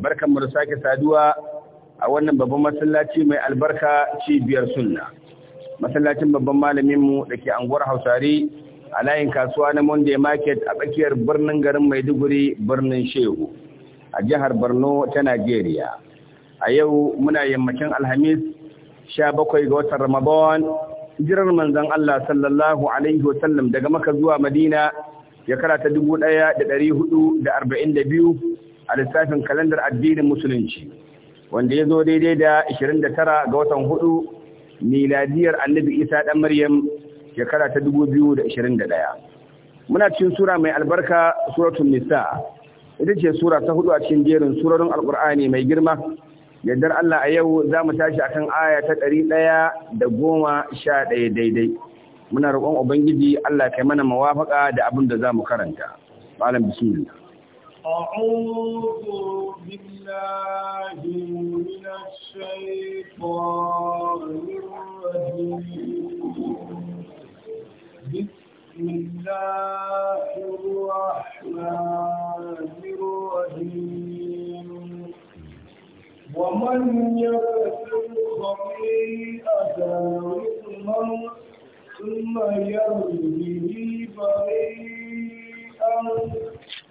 barkanmu da sake saduwa a wannan babban masallaci mai albarka cibiyar sunna masallacin babban malaminmu da ke anguwar hausari a layin kasuwa na monday market a tsakiyar birnin garin maiduguri birnin shehu a jihar borno ta nigeria a yau muna yammacin alhamis sha bakwai ga watan ramadan hijirar manzon allah sallallahu alaihi wasallam daga maka zuwa madina ya karata dubu ɗaya da ɗari hudu da arba'in da biyu a lissafin kalandar addinin musulunci wanda ya zo daidai da 29 ga watan hudu miladiyar annabi isa dan maryam shekara ta 2021 muna cikin sura mai albarka suratul nisa ita ce sura ta hudu a cikin jerin surorin alkur'ani mai girma yardar Allah a yau za mu tashi akan aya ta ɗari ɗaya da goma sha ɗaya daidai muna roƙon ubangiji Allah kai mana mawafaka da abin da za mu karanta malam bismillah أعوذ بالله من الشيطان الرجيم بسم الله الرحمن الرحيم ومن يغفر خطيئة إثما ثم يرمي بريئا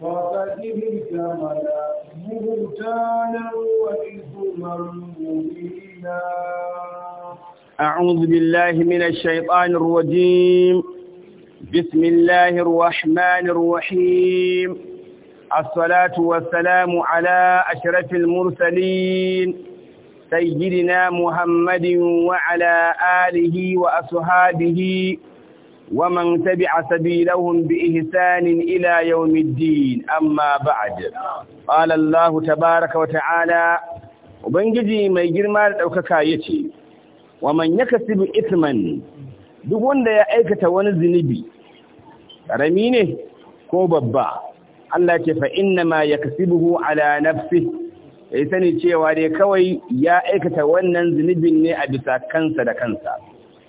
فقدهم كملا بهتانا وإثما مبينا أعوذ بالله من الشيطان الرجيم بسم الله الرحمن الرحيم الصلاة والسلام على أشرف المرسلين سيدنا محمد وعلى آله وأصحابه ومن تبع سبيلهم بإهسان إلى يوم الدين أما بعد قال الله تبارك وتعالى da ما يجرما لأوكاكا يتي ومن يكسب إثما duk wanda ya aikata wani zunubi ƙarami ne ko babba Allah ke fa inna ma ala nafsi ya sani cewa dai kawai ya aikata wannan zunubin ne a bisa kansa da kansa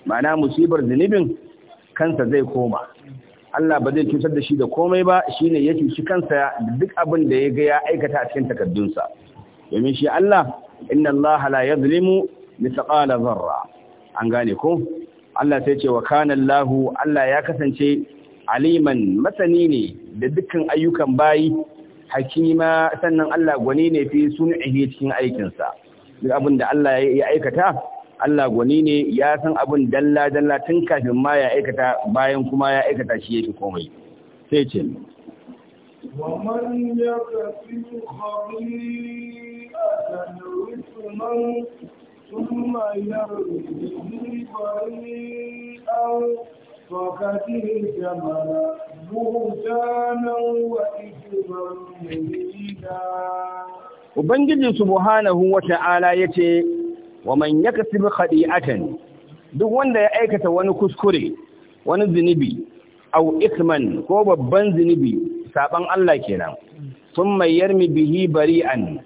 ma'ana musibar zunubin kansa zai koma Allah ba zai cutar da shi da komai ba shine ya cuci kansa da duk abin da ya ga ya aikata a cikin takaddunsa domin shi Allah inna Allah la yadhlimu mithqala dharra an gane ko Allah sai ce wa kana Allah Allah ya kasance aliman masani ne da dukkan ayyukan bayi hakima sannan Allah gwani ne fi sun'ihi cikin aikinsa duk abin da Allah ya aikata Allah gwani ne ya san abin dalla dalla tun kafin ma ya aikata bayan kuma ya aikata shi yake komai sai ce ومن Ubangiji subhanahu wa ta'ala ya ce, wa man yaksibu khadi'atan duk wanda ya aikata wani kuskure wani zunubi aw isman ko babban zunubi saban Allah kenan thumma yarmi bihi bari'an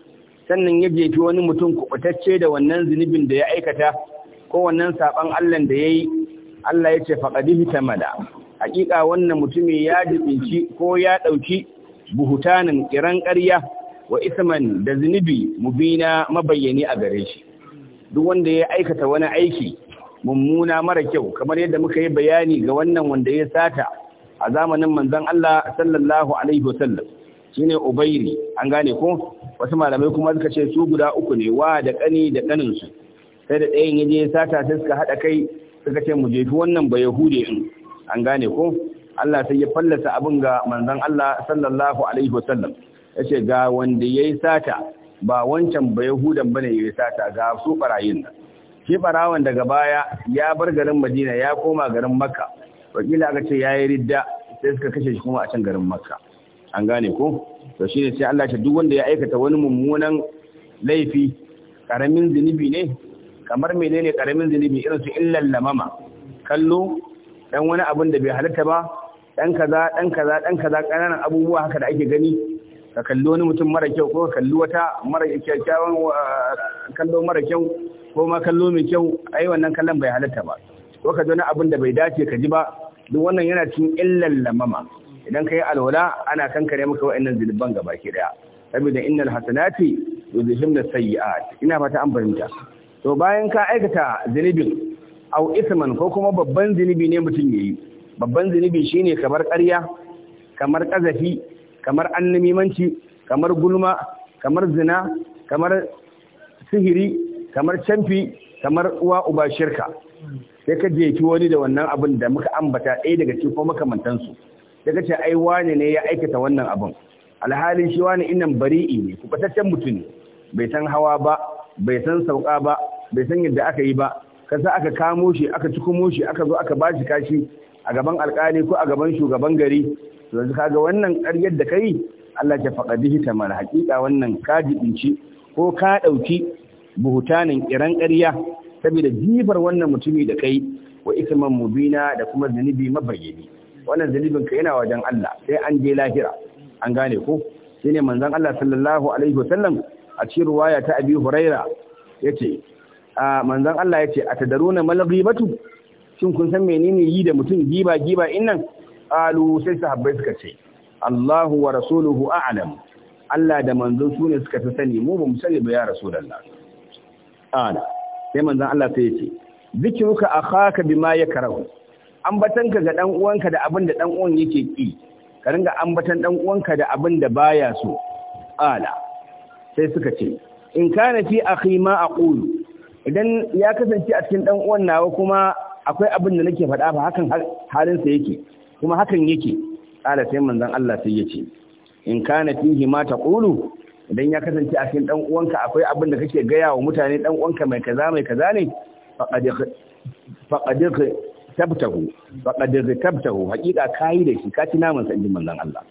sannan ya jefi wani mutum kubutacce da wannan zunubin da ya aikata ko wannan saban Allah da yayi Allah ya ce faqadihi tamada hakika wannan mutumi ya dubinci ko ya dauki buhutanin kiran ƙarya wa isman da zunubi mubina mabayyani a gare shi duk wanda ya aikata wani aiki mummuna mara kyau kamar yadda muka yi bayani ga wannan wanda ya sata a zamanin manzon Allah sallallahu alaihi wasallam shine ubairi an gane ko wasu malamai kuma suka ce su guda uku ne wa da kani da kanin su sai da ɗayan yaje ya sata sai suka hada kai suka ce mu jefi wannan ba yahude din an gane ko Allah sai ya fallasa abin ga manzon Allah sallallahu alaihi wasallam yace ga wanda yayi sata ba wancan ba Yahudan bane ya sata ga su barayin nan shi barawan daga baya ya bar garin Madina ya koma garin Makka wakila aka ce yi ridda sai suka kashe shi kuma a can garin Makka an gane ko to shine sai Allah ta duk wanda ya aikata wani mummunan laifi karamin zinubi ne kamar menene karamin zinubi irin su illal lamama kallo dan wani abin da bai halitta ba dan kaza dan kaza dan kaza kananan abubuwa haka da ake gani ka kalli wani mutum mara kyau ko ka kalli wata mara kyakkyawan kallo mara kyau ko ma kallo mai kyau ai wannan kallon bai halatta ba ko ka wani abin da bai dace ka ji ba duk wannan yana cikin illar lamama idan ka yi alwala ana kankare maka wa'annan zulubban gaba ki daya saboda innal hasanati yuzhimna sayyi'at ina fata an fahimta to bayan ka aikata zulubin au isman ko kuma babban zulubi ne mutum yayi babban zulubi shine kamar ƙarya kamar ƙazafi kamar annamimanci kamar gulma kamar zina kamar sihiri kamar canfi kamar uwa uba shirka sai ka jeki wani da wannan abin da muka ambata ɗaya daga cikin ko makamantansu sai ka ce ai wani ne ya aikata wannan abin alhalin shi wani inan bari'i ne kubataccen mutum ne bai san hawa ba bai san sauka ba bai san yadda aka yi ba kasa aka kamo shi aka cikumo shi aka zo aka bashi kashi a gaban alƙali ko a gaban shugaban gari to yanzu kaga wannan ƙaryar da kai Allah ya faɗa bihi ta haƙiƙa wannan ka jibinci ko ka ɗauki buhutanin kiran ƙarya saboda jifar wannan mutumi da kai wa isman mubina da kuma zanibi mabayyani wannan zanibin ka yana wajen Allah sai an je lahira an gane ko ne manzon Allah sallallahu alaihi wasallam a cikin ruwaya ta Abi Huraira yace a manzon Allah yace atadaruna malghibatu shin kun san menene yi da mutum giba giba innan qalu sai sahabbai suka ce Allahu wa rasuluhu a'lam Allah da manzon su ne suka sani mu ba mu sani ba ya rasulullah ana sai manzon Allah sai ya ce zikruka akhaka bima yakrahu ambatanka ga dan uwanka da abin da dan uwan yake ki ka ringa ambatan dan uwanka da abin da baya so ala sai suka ce in kana fi akhi ma aqulu idan ya kasance a cikin dan uwan nawa kuma akwai abin da nake faɗa ba hakan halinsa yake kuma hakan yake ƙala sai manzon Allah sai ya ce in kana fihi ma ta taqulu idan ya kasance a cikin dan uwanka akwai abin da kake gaya wa mutane dan uwanka mai kaza mai kaza ne faqad tabtahu faqad tabtahu hakika kai da shi ka ci naman sa inji Allah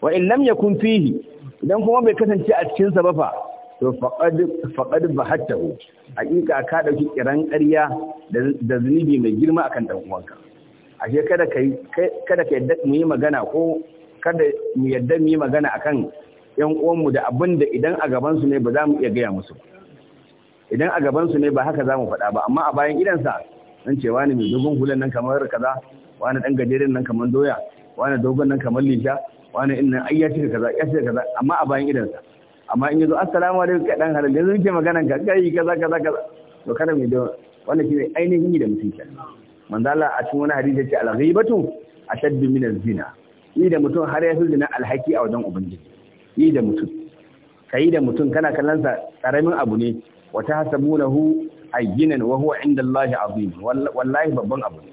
wa in lam yakun fihi idan kuma bai kasance a cikin sa ba fa to faƙad ba hatta hakika ka ɗauki kiran ƙarya da zunubi mai girma akan ɗan uwanka ashe kada kai kada kai da mu yi magana ko kada mu yadda mu yi magana akan ƴan uwanmu da abin da idan a gaban su ne ba za mu iya gaya musu idan a gaban su ne ba haka za mu faɗa ba amma a bayan sa an ce wani mai dogon hulan nan kamar kaza wani ɗan gajeren nan kamar doya wani dogon nan kamar lisha wani in nan ai kaza ayyaci kaza amma a bayan sa amma in yazo assalamu alaikum kai dan halal yanzu muke magana ka kai kaza kaza kaza to kada mu da wannan ne ainihin yi da mutunci manzo Allah a cikin wani hadisi yace al-ghibatu ashaddu min az-zina yi da mutum har ya fi zina alhaki a wajen ubangiji yi da mutum kai da mutum kana kallon sa karamin abu ne wa tahsabunahu ayyinan wa huwa inda Allah azim wallahi babban abu ne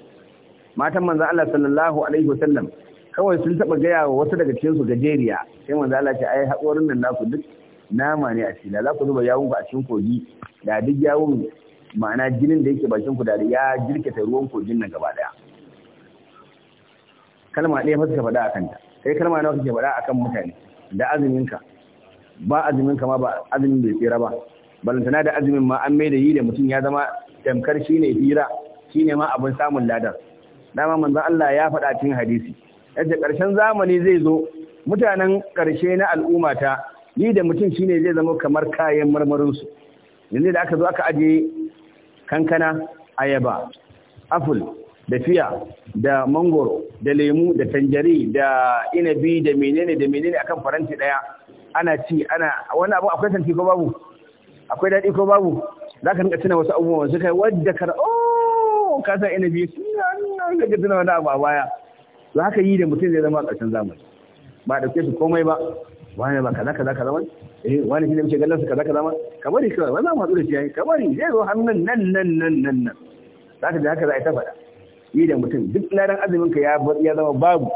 matan manzo Allah sallallahu alaihi wasallam kawai sun taba gaya wa wasu daga cikin su gajeriya sai manzo Allah ya ce ai haƙorin nan naku duk nama ne a cikin za ku zuba yawon ku a cikin kogi da duk yawon ma'ana jinin da yake bakin ku da ya jirkita ruwan kogin nan gaba daya kalma ɗaya fa suka faɗa akan kanta kai kalma nawa kake faɗa a kan mutane da azumin ba azumin ma ba azumin bai tsira ba balantana da azumin ma an maida yi da mutum ya zama tamkar shine hira shine ma abin samun ladar dama manzo Allah ya faɗa cikin hadisi yadda ƙarshen zamani zai zo mutanen ƙarshe na al'ummata ni da mutum shine zai zama kamar kayan marmarinsu yanzu da aka zo aka ajiye kankana ayaba aful da fiya da mangoro da lemu da tanjari da inabi da menene da menene akan faranti daya ana ci ana wani abu akwai santi ko babu akwai daɗi ko babu za ka tuna wasu abubuwan su kai wadda kar oh ka san inabi sai ka tuna wani abu a baya za ka yi da mutum zai zama a ƙarshen zamani ba ɗauke su komai ba wani ba kaza kaza kaza wani eh wani shi ne muke ganin su kaza kaza ma kamar shi wani wannan hadu da shi yayi kamar zai zo hannun nan nan nan nan nan zaka da haka za a ta faɗa yi da mutum duk ladan azumin ka ya ya zama babu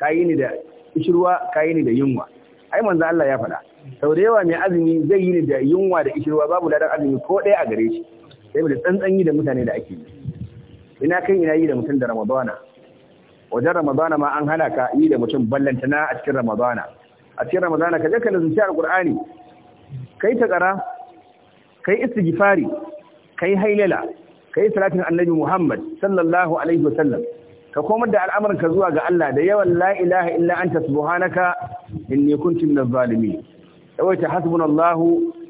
kayi ni da ishirwa kayi ni da yunwa ai manzo Allah ya faɗa sau da yawa mai azumi zai yi ni da yunwa da ishirwa babu ladan azumi ko ɗaya a gare shi sai da tsantsan yi da mutane da ake yi ina kai ina yi da mutum da ramadana wajen ramadana ma an hana ka yi da mutum ballantana a cikin ramadana a cikin ramadana ka je ka nazarci kai ta kara kai istighfari kai hailala kai salatin annabi Muhammad sallallahu alaihi wasallam ka komar da al'amarka zuwa ga Allah da yawan la'ilaha ilaha illa anta subhanaka inni kuntu minaz zalimin yawaita hasbunallahu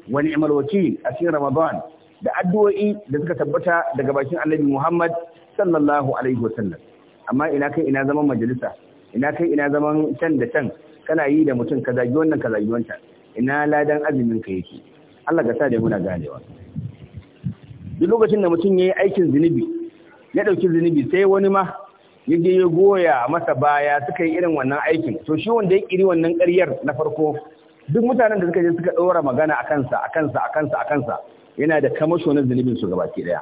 wani imar wakeel a cikin ramadan da addu'o'i da suka tabbata daga bakin annabi Muhammad sallallahu alaihi wasallam amma ina kai ina zaman majalisa ina kai ina zaman can da can kana yi da mutum ka zagi wannan ka zagi wancan ina ladan azumin ka yake Allah ka sa da muna ganewa duk lokacin da mutum ya yi aikin zunubi ya ɗauki zunubi sai wani ma ya je ya goya masa baya suka yi irin wannan aikin to shi wanda ya kiri wannan ƙaryar na farko duk mutanen da suka je suka ɗora magana a kansa a kansa a kansa a kansa yana da kamasho na zunubin su gabaki ɗaya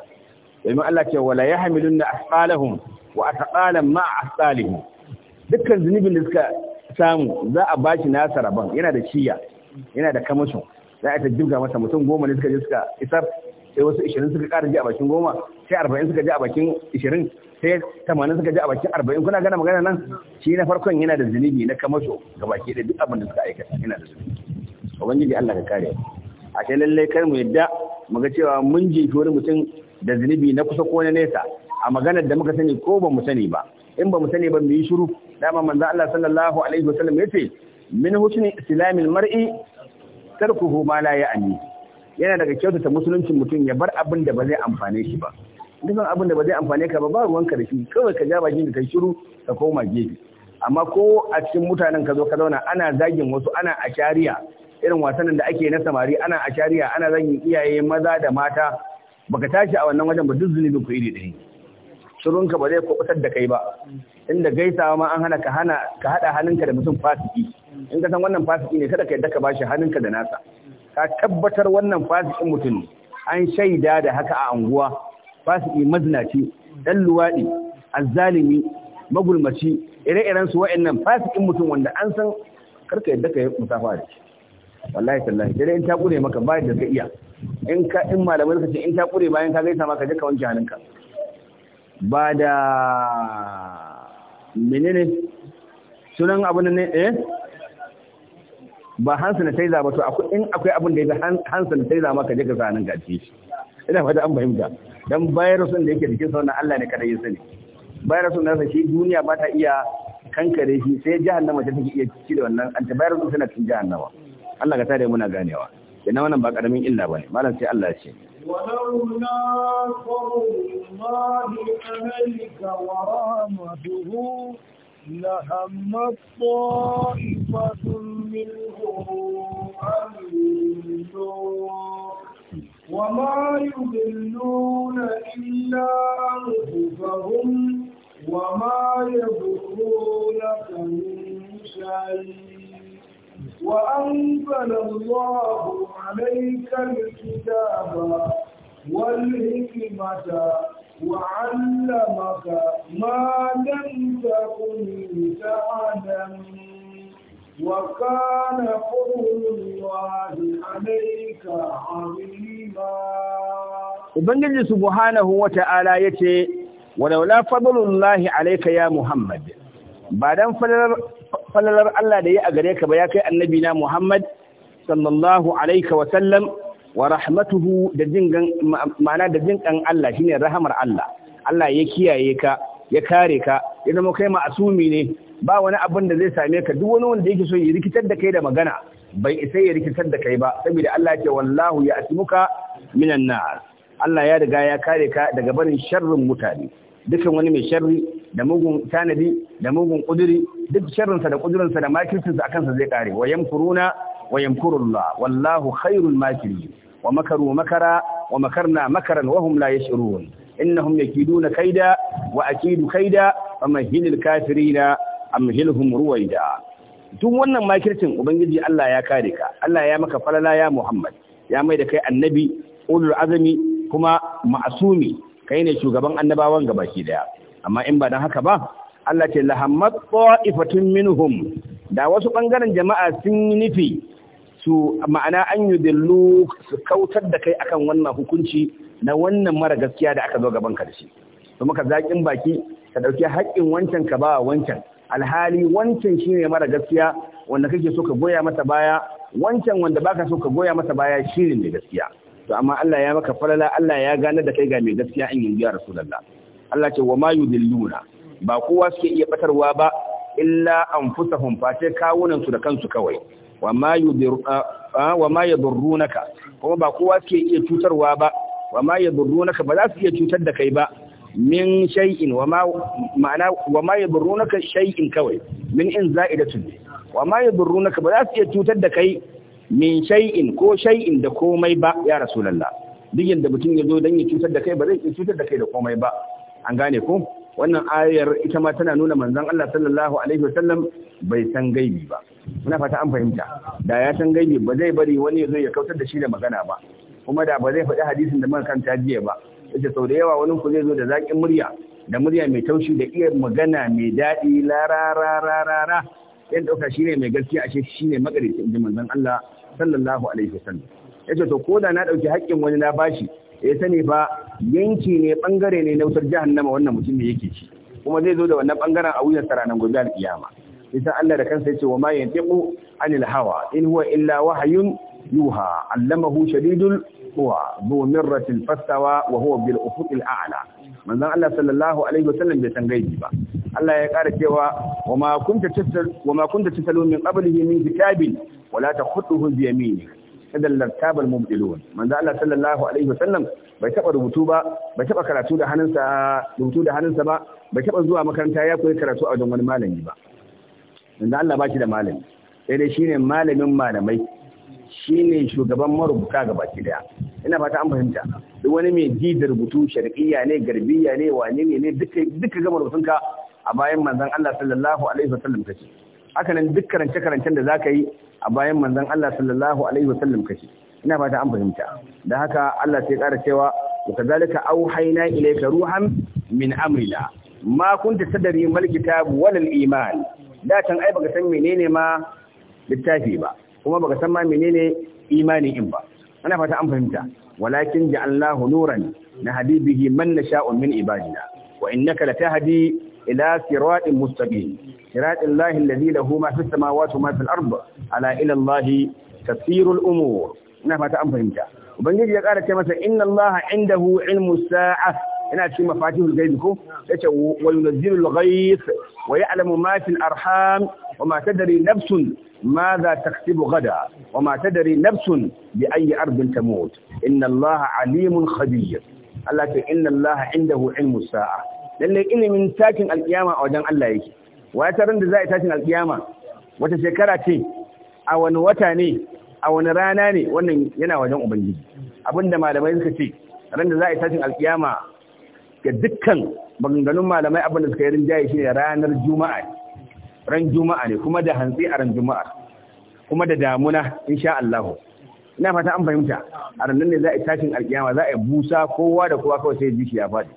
domin Allah ce wala yahmilunna asqalahum wa asqalan ma asqalihim dukkan zunubin da suka samu za a bashi nasa rabon yana da shiya yana da kamashin za a ta jirga masa mutum goma ne suka je suka isar sai wasu ishirin suka ƙara ji a bakin goma sai arba'in suka ji a bakin ishirin sai tamanin suka ji a bakin arba'in kuna gana magana nan shi na farkon yana da zunubi na kamasho ga baki da duk abin da suka aikata yana da zunubi ubangiji Allah ka kare a sai lallai kar mu yadda mu ga cewa mun jinki wani mutum da zunubi na kusa ko na nesa a maganar da muka sani ko ba mu sani ba in ba mu sani ba mu yi shiru dama manzo Allah sallallahu alaihi wasallam yace min husni islamil mar'i tarkuhu ma la ya'ni yana daga kyautata musuluncin mutum ya bar abin da ba zai amfane shi ba dukan abin da ba zai amfane ka ba ba ruwanka da shi kawai ka ja bakin da shiru ka koma gefe amma ko a cikin mutanen ka zo ka zauna ana zagin wasu ana a shari'a irin wasannin da ake na samari ana a shari'a ana zagin iyaye maza da mata baka tashi a wannan wajen ba duk zunubin ku iri ɗaya shirunka ba zai kubutar da kai ba inda gaisawa ma an hana ka hana ka hada hannunka da mutum fasiki in ka san wannan fasiki ne kada ka yadda ka bashi hannunka da nasa ka tabbatar wannan fasikin mutum an shaida da haka a anguwa fasiki mazinaci dan luwadi azzalimi magulmaci ire-iren su wa'annan fasikin mutum wanda an san karka yadda ka yi musafa da shi wallahi tallahi sai in ta kure maka bayan da ka iya in ka in malamai suka ce in ta kure bayan ka gaisa maka je ka wanke hannunka ba da menene sunan abin ne eh ba hansu na taiza ba to in akwai abin da ya hansu na taiza maka je ka sa nan gaci ina fata an fahimta dan bayar sun da yake jikin sa wannan Allah ne kada ya sani bayar sun da shi duniya ba ta iya kankare shi sai jahannama ta take iya ci da wannan anta bayar sun suna cikin jahannama Allah ka tare muna ganewa kenan wannan ba karamin illa bane malam sai Allah ya ce ولولا الله عليك منهم أن وما يضلون إلا أنفسهم وما يذكرونك من شيء وأنزل الله عليك الكتاب والحكمة وعلمك ما لم تكن تعلم وكان فضل الله عليك عظيما Ubangiji subhanahu wa ta'ala ya ce, Walaula fadlullahi alaika ya Muhammad, ba don fadar falalar Allah da ya a gare ka ba ya kai annabi na Muhammad sallallahu alaihi wa sallam wa rahmatuhu da jingan ma'ana da jin kan Allah ne rahamar Allah Allah ya kiyaye ka ya kare ka ya zama kai ma'asumi ne ba wani abin da zai same ka duk wani wanda yake so ya rikitar da kai da magana bai isa ya rikitar da kai ba saboda Allah ya ce wallahu ya asmuka minan nas Allah ya riga ya kare ka daga barin sharrin mutane dukkan wani mai sharri da mugun tanadi da mugun kuduri duk sharrinsa da kudurinsa da makircinsa akan sa zai kare wa yamkuruna wa yamkurullah wallahu khairul makiri. wa makaru makara wa makarna makaran wa hum la yash'urun innahum yakiduna kaida wa akidu kaida famahilil kafirina amhilhum ruwaida duk wannan makircin ubangiji Allah ya kare ka Allah ya maka falala ya Muhammad ya mai da kai annabi ulul azami kuma ma'asumi kai ne shugaban annabawan baki daya amma in ba dan haka ba Allah ce lahammat ta'ifatun minhum da wasu bangaren jama'a sun nufi su ma'ana an yudillu su kautar da kai akan wannan hukunci na wannan mara gaskiya da aka zo gaban ka da shi to muka zakin baki ka dauki haƙƙin wancan ka ba wancan alhali wancan shine mara gaskiya wanda kake so ka goya masa baya wancan wanda baka so ka goya masa baya shine mai gaskiya to amma Allah ya maka falala Allah ya gane da kai ga mai gaskiya in yanzu ya rasulullah Allah ce wa ma yudilluna ba kowa suke iya batarwa ba illa anfusahum fa sai kawunan su da kansu kawai wa ma yudurrunaka kuma ba kowa suke iya cutarwa ba wa ma yadurrunaka ba za su iya cutar da kai ba min shay'in wa ma ma'ana wa ma yadurrunaka shay'in kawai min in za'idatun wa ma yadurrunaka ba za su iya cutar da kai min shay'in ko shay'in da komai ba ya rasulullah duk yanda mutum ya zo dan ya cutar da kai ba zai cutar da kai da komai ba an gane ko wannan ayar ita ma tana nuna manzon Allah sallallahu alaihi wasallam bai san gaibi ba muna fata an fahimta da ya san gaibi ba zai bari wani ya zo ya kautar da shi da magana ba kuma da ba zai faɗi hadisin da muka kanta jiya ba yace sau da yawa wani ku zai zo da zakin murya da murya mai taushi da iya magana mai daɗi ra yadda ɗauka shi ne mai gaskiya ashe shi ne magarici manzon Allah sallallahu alaihi wasallam yace to ko na dauki haƙƙin wani na bashi ya eh, sani fa yanki ne bangare ne na wutar jahannama wannan mutum ne yake ci kuma zai zo da wannan bangaren a wuyan nan gobe alkiyama idan Allah da kansa yace wa ma yantiqu anil hawa in huwa illa wahyun yuha allamahu shadidul quwa dhu mirratin fastawa wa huwa bil ufuqil a'la manzon Allah sallallahu alaihi wasallam bai san gaibi ba Allah ya ƙara cewa wa ma kunta tasalu min qablihi min kitabin wala takhutuhu bi yamini kada lartabal mubdilun manzo Allah sallallahu alaihi wasallam bai taba rubutu ba bai taba karatu da hannunsa rubutu da hannunsa ba bai taba zuwa makaranta ya koyi karatu a wajen wani malami ba manzo Allah ba shi da malami sai dai shine malamin malamai shine shugaban marubuta baki daya ina fata an fahimta duk wani mai ji da rubutu shar'iyya ne garbiya ne wane ne duka duka ga marubutunka a bayan manzon Allah sallallahu alaihi wasallam kace haka nan duk karance-karancen da zaka yi a bayan manzon Allah sallallahu alaihi wasallam kace ina fata an fahimta da haka Allah sai ƙara cewa wa kadhalika auhayna ilayka ruhan min amrina ma kunta sadari mal kitab wal iman da tan ai baka san menene ma littafi ba kuma baka san ma menene imani in ba ana fata an fahimta walakin ja'alnahu nuran na habibihi man nasha'u min ibadina wa innaka latahdi إلى صراط مستقيم صراط الله الذي له ما في السماوات وما في الأرض على إلى الله تسير الأمور ina fata an fahimta ubangiji ya ƙara ce masa inna allaha indahu ilmu sa'a ina cikin mafatihul الغيث ko yace wa الأرحام وما ghayth wa ya'lamu ma fil arham wa ma tadri nafsun ماذا تكسب غدا وما تدري نفس بأي أرض تموت إن الله عليم خبير الله إن الله عنده علم الساعة lallai ilimin tashin alkiyama a wajen Allah yake waya tarin da za a tashin alkiyama wata shekara ce a wani wata ne a wani rana ne wannan yana wajen ubangiji abinda malamai suka ce ran da za a tashin alkiyama ga dukkan maganganun malamai abinda suka yi rinjaye shi ne ranar juma'a ran juma'a ne kuma da hantsi a ran juma'a kuma da damuna insha Allah ina fata an fahimta a ranar ne za a tashin alkiyama za a busa kowa da kowa kawai sai ya ya faɗi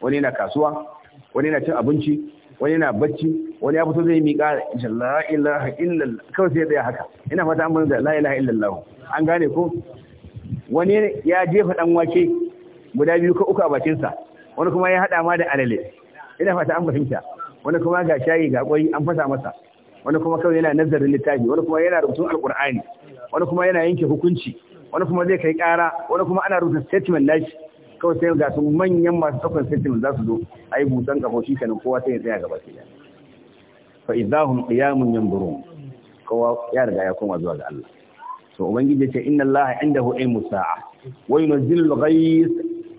wani na kasuwa wani na cin abinci wani na bacci wani ya fito zai miƙa insha la ilaha illallah kawai sai tsaya haka ina fata an bani da la ilaha illallah an gane ko wani ya jefa dan wake guda biyu ko uku a bakin sa wani kuma ya hada ma da alale ina fata an fahimta wani kuma ga shayi ga kwai an fasa masa wani kuma kawai yana nazarin littafi wani kuma yana rubutun alqur'ani wani kuma yana yanke hukunci wani kuma zai kai ƙara wani kuma ana rubuta statement nashi kawai sai ga su manyan masu sakon sittin za su zo a yi busan kafa shi kanin kowa sai ya tsaya gaba ke fa izahun qiyamun yanzurun kowa ya riga ya koma zuwa ga Allah to ubangiji ya ce inna Allah indahu ilmu sa'a wa yunzilu al-ghayth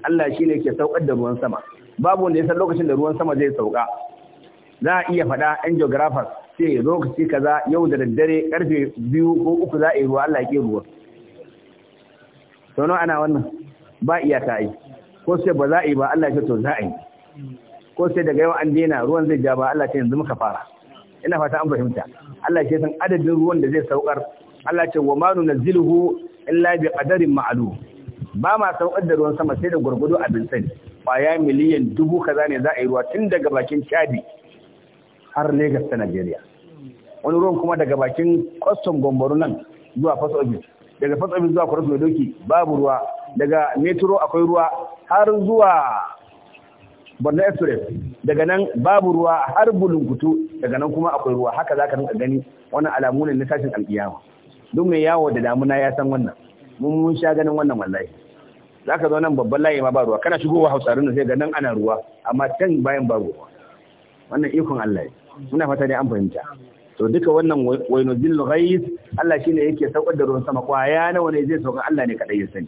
Allah shine ke saukar da ruwan sama babu wanda ya san lokacin da ruwan sama zai sauka za a iya faɗa ɗan geographer sai lokaci kaza yau da daddare karfe biyu ko uku za a yi ruwa Allah ya ke ruwa to ana wannan ba iya ta yi ko sai ba za a yi ba Allah ya to za yi ko sai daga yau an daina ruwan zai ja ba Allah ya yanzu muka fara ina fata an fahimta Allah ya san adadin ruwan da zai saukar Allah ce wa ma nunzilhu illa bi qadarin ma'lum ba ma saukar da ruwan sama sai da gurgudu abin sani kwaya miliyan dubu kaza ne za a yi ruwa tun daga bakin Chadi har Lagos ta Najeriya wani ruwan kuma daga bakin kwaston gomboro nan zuwa Fas daga Fas zuwa Kwaras Doki babu ruwa daga metro akwai ruwa har zuwa borno express daga nan babu ruwa har bulunkutu daga nan kuma akwai ruwa haka za ka rinka gani wannan alamu ne na tashin alkiyama duk mai yawo da damuna ya san wannan mun mun sha ganin wannan wallahi za ka zo nan babban layi ma ba ruwa kana shigowa hausarin da sai ga nan ana ruwa amma can bayan ba ruwa wannan ikon Allah ne muna fata dai an fahimta to duka wannan wainuzil ghais Allah shine yake saukar da ruwan sama kwaya nawa ne zai sauka Allah ne kadai ya sani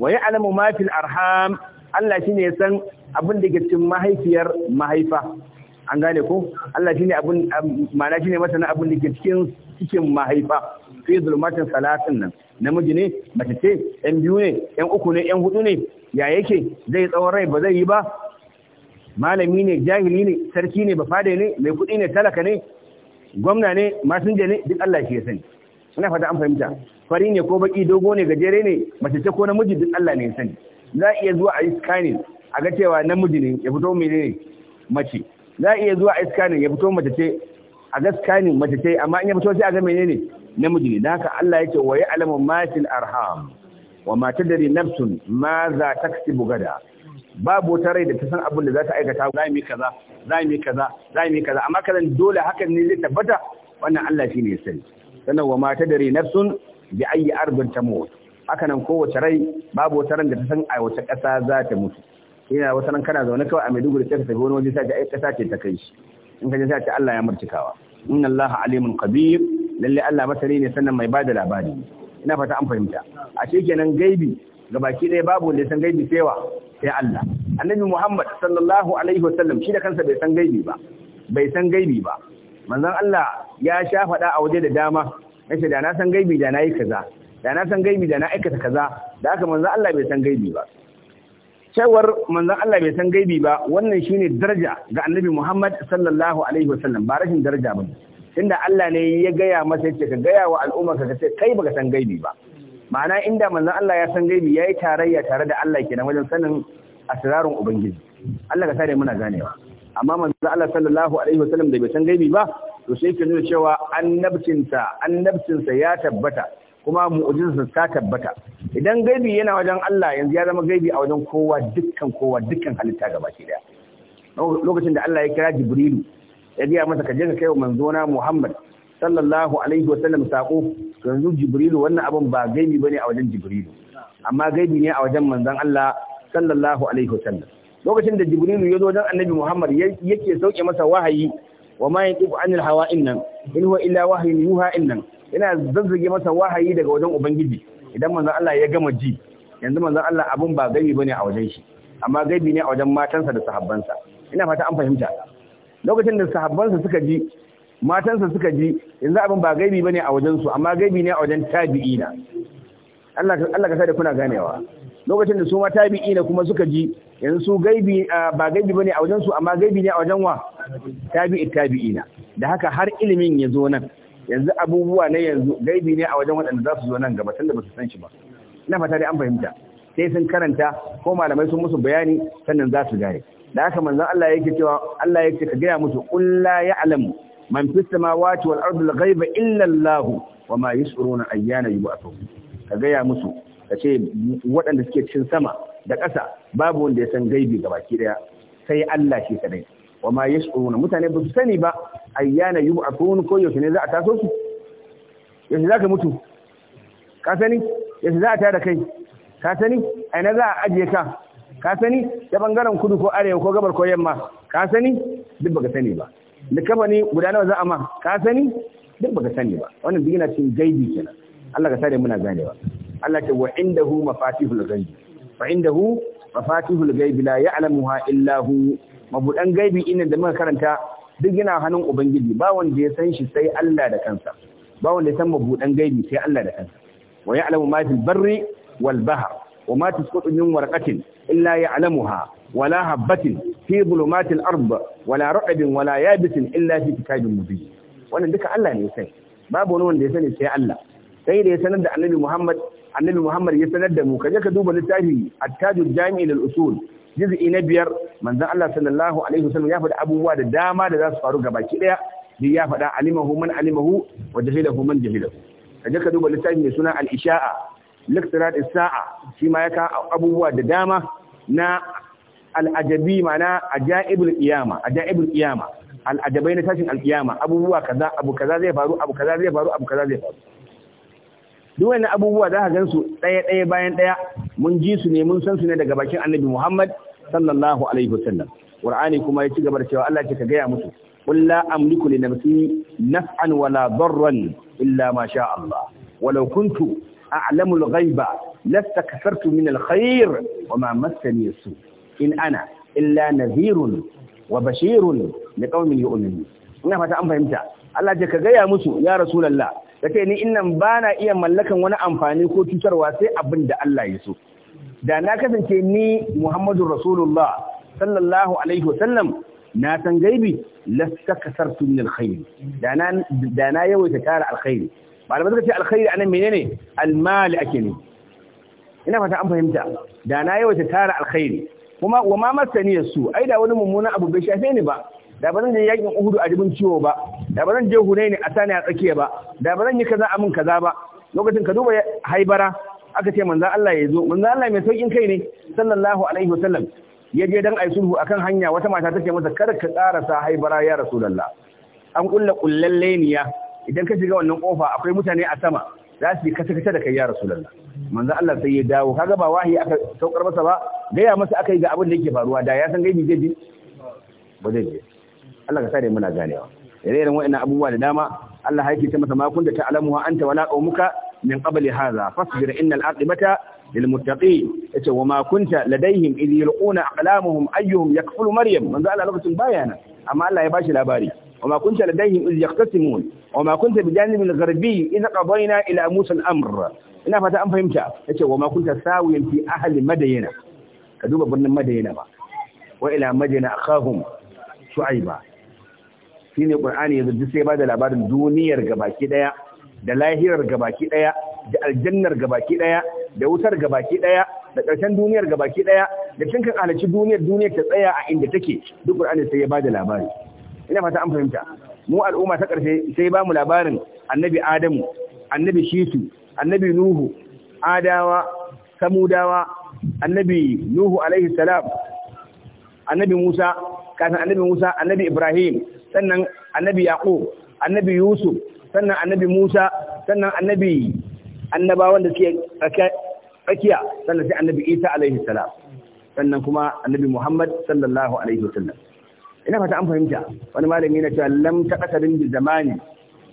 wa Alamu ma fil arham Allah shine ya san abin da ke cikin mahaifiyar mahaifa an gane ko Allah shine abin ma'ana shine masana abin da ke cikin cikin mahaifa fi zulmatin salatin nan namiji ne mace ce yan biyu ne yan uku ne yan hudu ne ya yake zai tsawon rai ba zai yi ba malami ne jahili ne sarki ne ba fada ne mai kuɗi ne talaka ne gwamna ne masinja ne duk Allah shi ya sani suna fata an fahimta fari ne ko baki dogo ne gajere ne mace ce ko namiji duk Allah ne sani za a iya zuwa a yi scanning a ga cewa namiji ne ya fito mai ne mace za a iya zuwa a yi scanning ya fito mace ce a ga scanning mace ce amma in ya fito sai a ga menene namiji ne dan haka Allah yake wa ya alamu fil arham wa ma tadri nafsun ma za taksibu gada babu wata rai da ta san abin da za ta aikata za mu kaza za mu kaza za mu kaza amma kazan dole hakan ne zai tabbata wannan Allah shine ya sani sannan wa mata dare nafsun bi ayi ta tamut haka nan kowace rai babu wata ran da ta san a wace ƙasa za ta mutu ina wata ran kana zaune kawai a Maiduguri sai ka tafi wani waje sai ka ƙasa ce ta kai shi in ka je sai ka Allah ya murtikawa inna Allah alimun khabir lalle Allah masani ne sannan mai bada labari ina fata an fahimta a kenan gaibi gabaki ɗaya babu wanda ya san gaibi sai sai Allah annabi Muhammad sallallahu alaihi wasallam shi da kansa bai san gaibi ba bai san gaibi ba manzon Allah ya sha faɗa a waje da dama ce da na san gaibi da na yi kaza da na san gaibi da na aikata kaza da haka manzon Allah bai san gaibi ba cewar manzon Allah bai san gaibi ba wannan shine daraja ga annabi Muhammad sallallahu alaihi wasallam ba rashin daraja ba tunda Allah ne ya gaya masa yace ka gaya wa al'umma ka ce kai baka san gaibi ba ma'ana inda manzon Allah ya san gaibi yayi tarayya tare da Allah kenan wajen sanin asrarun ubangiji Allah ka sare muna ganewa amma manzo Allah sallallahu alaihi wasallam da bai san gaibi ba to sai ka nuna cewa annabcinta annabcinsa ya tabbata kuma mu'jizarsa ta tabbata idan gaibi yana wajen Allah yanzu ya zama gaibi a wajen kowa dukkan kowa dukkan halitta gaba ki daya lokacin da Allah ya kira Jibrilu ya gaya masa ka je ka kai manzo na Muhammad sallallahu alaihi wasallam sako yanzu Jibrilu wannan abin ba gaibi bane a wajen Jibrilu amma gaibi ne a wajen manzon Allah sallallahu alaihi wasallam lokacin da jibrilu ya zo don annabi muhammad yake sauke masa wahayi wa ma yantiqu anil hawa innan in huwa illa wahyun yuha innan yana zazzage masa wahayi daga wajen ubangiji idan manzon Allah ya gama ji yanzu manzon Allah abun ba gaibi bane a wajen shi amma gaibi ne a wajen matansa da sahabbansa ina fata an fahimta lokacin da sahabbansa suka ji matansa suka ji yanzu abin ba gaibi bane a wajen su amma gaibi ne a wajen tabi'ina Allah Allah ka sa da kuna ganewa lokacin da su ma tabi'ina kuma suka ji yanzu su gaibi ba gaibi bane a wajen su amma gaibi ne a wajen wa tabi'i tabi'ina da haka har ilimin ya zo nan yanzu abubuwa na yanzu gaibi ne a wajen waɗanda za su zo nan gaba tunda ba su san shi ba ina fata dai an fahimta sai sun karanta ko malamai sun musu bayani sannan za su gane da haka manzon Allah yake cewa Allah yake ka gaya musu qul la ya'lamu man fis samawati wal ardi al ghaiba illa Allah wa ma yash'uruna ayyana yub'athun ka gaya musu ka ce waɗanda suke cin sama da ƙasa babu wanda ya san gaibi gabaki ɗaya. sai Allah shi kadai wa ma yashuruna mutane ba su sani ba ayyana yub'athun ko yau ne za a taso su Yanzu za ka mutu ka sani yaushe za a tada kai ka sani a ina za a ajiye ka ka sani ta bangaren kudu ko arewa ko gabar ko yamma ka sani duk baka sani ba ne guda nawa za a ma ka sani duk baka sani ba wannan duk yana gaibi kenan Allah ka sare muna ganewa Allah ta wa hu mafatihul ghaibi fa hu mafatihul ghaibi la ya'lamuha illa hu mabudan gaibi inda da muka karanta duk yana hannun ubangiji ba wanda ya san shi sai Allah da kansa ba wanda ya san mabudan gaibi sai Allah da kansa wa ya'lamu ma fil barri wal bahr wa ma tasqutu min warqatin illa ya'lamuha wala habatin fi zulumatil ard wala ra'bin wala yabisin illa fi kitabin mubin wannan duka Allah ne sai, babu wani wanda ya sani sai Allah sai da ya sanar da annabi Muhammad annabi Muhammad ya sanar da mu kaje ka duba littafi at-tajul jami' lil usul juz'i na biyar manzon Allah sallallahu alaihi wasallam ya faɗi abubuwa da dama da za su faru gabaki daya bi ya faɗa alimahu man alimahu wa jahilahu man jahilahu kaje ka duba littafi mai suna al-isha'a liqtirat saa shi ma ya ka abubuwa da dama na al-ajabi ma'ana ajaibul qiyama ajaibul qiyama al-ajabai na tashin al-qiyama abubuwa kaza abu kaza zai faru abu kaza zai faru abu kaza zai faru duk wani abubuwa za ka gan ɗaya ɗaya bayan ɗaya mun ji su ne mun san su ne daga bakin annabi Muhammad sallallahu alaihi wasallam Qur'ani kuma ya ci gaba da cewa Allah ce ka gaya musu qul la amliku li nafsi naf'an wala darran illa ma sha Allah walau kuntu a'lamu al-ghaiba lastakfartu min al-khair wa ma massani su in ana illa nadhirun wa bashirun liqaumin yu'minun ina fata an fahimta Allah ce ka gaya musu ya rasulullah ka ce ni innan ba na iya mallakan wani amfani ko cutarwa sai abin da Allah ya so da na kasance ni Muhammadu Rasulullah sallallahu alaihi wasallam na san gaibi lasta kasar min alkhairi da na da na yawaita tara alkhairi malamai suka ce alkhairi a anan menene almali ake ne ina fata an fahimta da na yawaita tara alkhairi kuma wa ma masani su ai da wani mummunan abu bai shafe ni ba da ba zan je yakin Uhudu a dubin ciwo ba da ba zan je hunaini a sani a tsakiya ba da ba zan yi kaza amin kaza ba lokacin ka duba haibara aka ce manzo Allah ya zo manzo Allah mai saukin kai ne sallallahu alaihi wasallam ya je dan ayi sulhu akan hanya wata mata ta ce masa kar ka tsara sa haibara ya rasulullah an kulla kullal niya idan ka shiga wannan kofa akwai mutane a sama za su yi kasa kasa da kai ya rasulullah manzo Allah sai ya dawo kaga ba wahi aka saukar masa ba gaya masa aka yi ga abin da yake faruwa da ya san gaibi zai ba zai je Allah ka sa da muna ganewa irin wa'annan abubuwa da dama Allah yake ta masa ma kun da ta'lamuha anta wala qaumuka min qabli hadha fasbir innal aqibata lil muttaqin yace wa ma kunta ladaihim idh yulquna aqlamuhum ayyuhum yakfulu maryam manzo Allah lokacin bayana amma Allah ya bashi labari Wa وما كنت لديهم إذ يختصمون وما كنت بجانب الغربي إذا قضينا إلى موسى الأمر ina fata an fahimta yace wa ma kunta sawiyan fi ahli madayna ka duba birnin madayna ba wa ila madayna akhahum shu'aiba ne ƙur'ani yanzu duk sai ba da labarin duniyar gabaki ɗaya, da lahirar gabaki ɗaya, da aljannar gabaki ɗaya, da wutar gabaki ɗaya, da ƙarshen duniyar gabaki ɗaya, da tinkan alaci duniyar duniyar ta tsaya a inda take duk ƙur'ani sai ya ba da labari ina fata an fahimta mu al'umma ta ƙarshe sai ba mu labarin annabi adamu annabi shitu annabi nuhu adawa samudawa annabi nuhu alaihi salam annabi musa kafin annabi musa annabi ibrahim sannan annabi yaqub annabi yusuf sannan annabi musa sannan annabi annabawan wanda suke tsakiya sannan sai annabi isa alaihi salam sannan kuma annabi muhammad sallallahu alaihi wasallam ina fata an fahimta wani malami yana cewa lam taqtarin bi zamani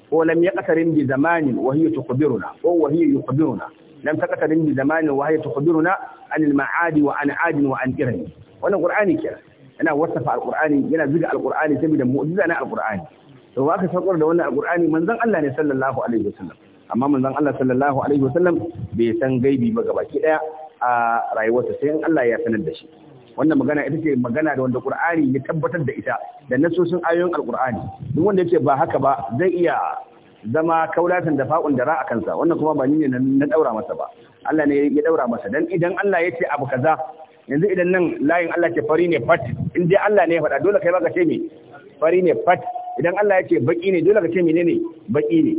ko lam yaqtarin bi zamani wa hiya tuqbiruna ko wa hiya yuqbiruna lam taqtarin bi zamani wa hiya tuqbiruna an al ma'adi wa an adin wa an irani wannan qur'ani kenan yana wasafa alqur'ani yana zuga alqur'ani saboda mu'jiza na alqur'ani to ba ka saukar da wannan alqur'ani manzon Allah ne sallallahu alaihi wasallam amma manzon Allah sallallahu alaihi wasallam bai san gaibi ba gabaki daya a rayuwarsa sai in Allah ya sanar da shi wannan magana ita ce magana da wanda Qur'ani ya tabbatar da ita da nasosin ayoyin alqur'ani duk wanda yace ba haka ba zai iya zama kaulatan da fa'un da ra'a kansa wannan kuma ba ni ne na daura masa ba Allah ne ya daura masa dan idan Allah yace abu kaza yanzu idan nan layin Allah ce fari ne fat in dai Allah ne ya faɗa dole kai ma ka ce me fari ne fat idan Allah ya ce baki ne dole ka ce menene baki ne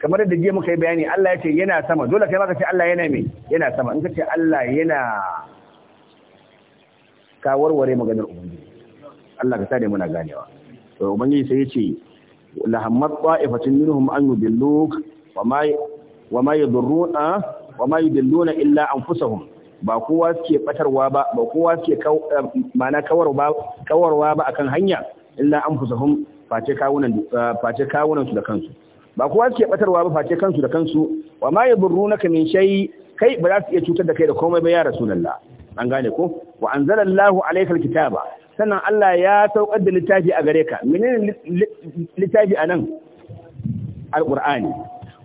kamar da jiya muka yi bayani Allah ya ce yana sama dole kai ma ka ce Allah yana me yana sama in ka ce Allah yana ka warware maganar ubangiji Allah ka sade muna ganewa to ubangiji sai ya ce la hammat qa'ifatin minhum an yudilluk wa ma wa ma yadurruna wa ma yudilluna illa anfusahum ba kowa suke batarwa ba ba kowa suke mana um, kawarwa ba akan hanya illa an fusahum face kawunan uh, face kawunan su da kansu ba kowa suke batarwa ba face kansu da kansu wa ma ya burru yadurrunaka min shay kai ba za su iya cutar da kai da komai ba ya rasu rasulullah an gane ko wa an anzalallahu alaykal kitaba sannan Allah ya saukar da littafi a gare ka menene littafi a nan alqur'ani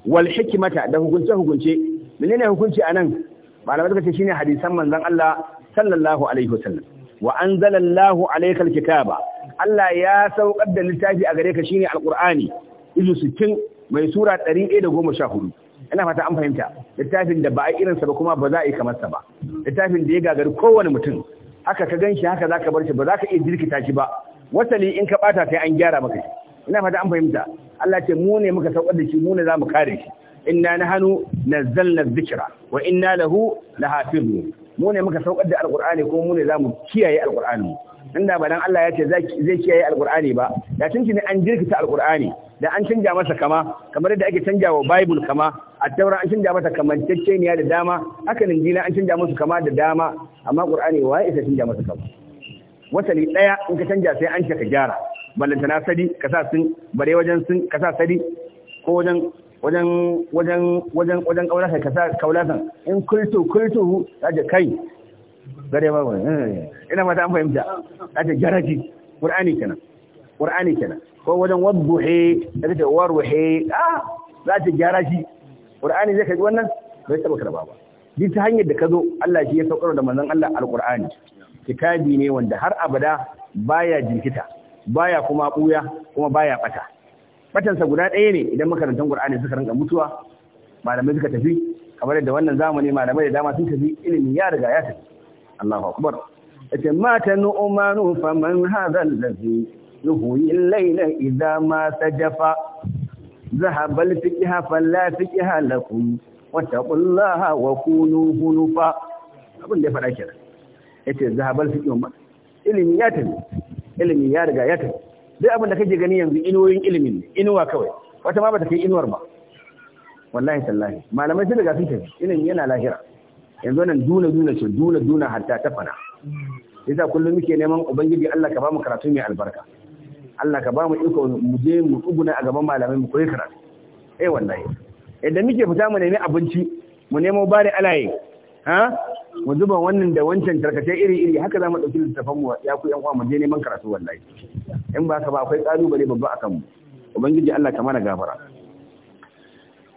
wal hikmata da hukunce hukunce menene hukunci nan? malamai suka ce shine hadisan manzon Allah sallallahu alaihi wasallam wa anzalallahu alayka alkitaba Allah ya saukar da littafi a gare ka shine alqur'ani izu 60 mai sura 114 ina fata an fahimta littafin da ba a irinsa ba kuma ba za a yi kamar sa ba littafin da ya gagari kowane mutum haka ka ganshi haka zaka bar shi ba za ka iya jirkita shi ba wasali in ka bata sai an gyara maka shi ina fata an fahimta Allah ce mu ne muka saukar da shi mu ne za mu kare shi inna nahnu nazzalna dhikra wa inna lahu lahafizun mu ne muka saukar da alqur'ani kuma mu ne zamu kiyaye alqur'ani inda ba dan Allah ya ce zai kiyaye alqur'ani ba da tunki ne an jirkita alqur'ani da an canja masa kama kamar yadda ake canja wa bible kama a taura an canja mata kamanceceniya da dama haka jina an canja musu kama da dama amma qur'ani wa isa canja masa kama wasali daya in ka canja sai an ka gyara ballantana sadi ka sa sun bare wajen sun ka sa sadi ko wajen wajen wajen wajen wajen kaulasa ka sa kaulasan in kultu kultu kaje kai gare ba eh, ina mata an fahimta kaje garaji qur'ani kenan qur'ani kenan ko wajen wadduhi kaje warruhi ah za ta gyara shi qur'ani zai kaji wannan bai taba karba ba duk ta hanyar da ka zo Allah shi ya saukar da manzon Allah alqur'ani kitabi ne wanda har abada baya jinkita baya kuma buya kuma baya bata batansa guda ɗaya ne idan makarantar ƙur'ani suka rinka mutuwa malamai suka tafi kamar yadda wannan zamani malamai da dama sun tafi Ilimin ya riga ya tafi Allahu akbar yace mata nu'manu faman hadha allazi yuhyi al-layla idha ma sajafa ذهب الفقه fiqha lakum wa taqullaha wa kunu hunufa abin da ya faɗa kenan yace al-fiqha Ilimin ya tafi Ilimin ya riga ya tafi duk abin da kake gani yanzu inuwoyin ilimin inuwa kawai wata ma bata kai inuwar ba wallahi sallahi. malamai sun riga sun ce inin yana lahira yanzu nan duna duna ce duna duna hatta ta fana yasa kullum muke neman ubangiji Allah ka ba mu karatu mai albarka Allah ka ba mu iko mu je mu tsuguna a gaban malamai mu koyi karatu eh wallahi idan muke fita mu nemi abinci mu nemo bare alaye ha mu zuba wannan da wancan tarkace iri iri haka za mu ɗauki littafan mu ya ku yan uwa mu je neman karatu wallahi in ba ka ba akwai kalubale babba akan mu ubangiji Allah ka mana gafara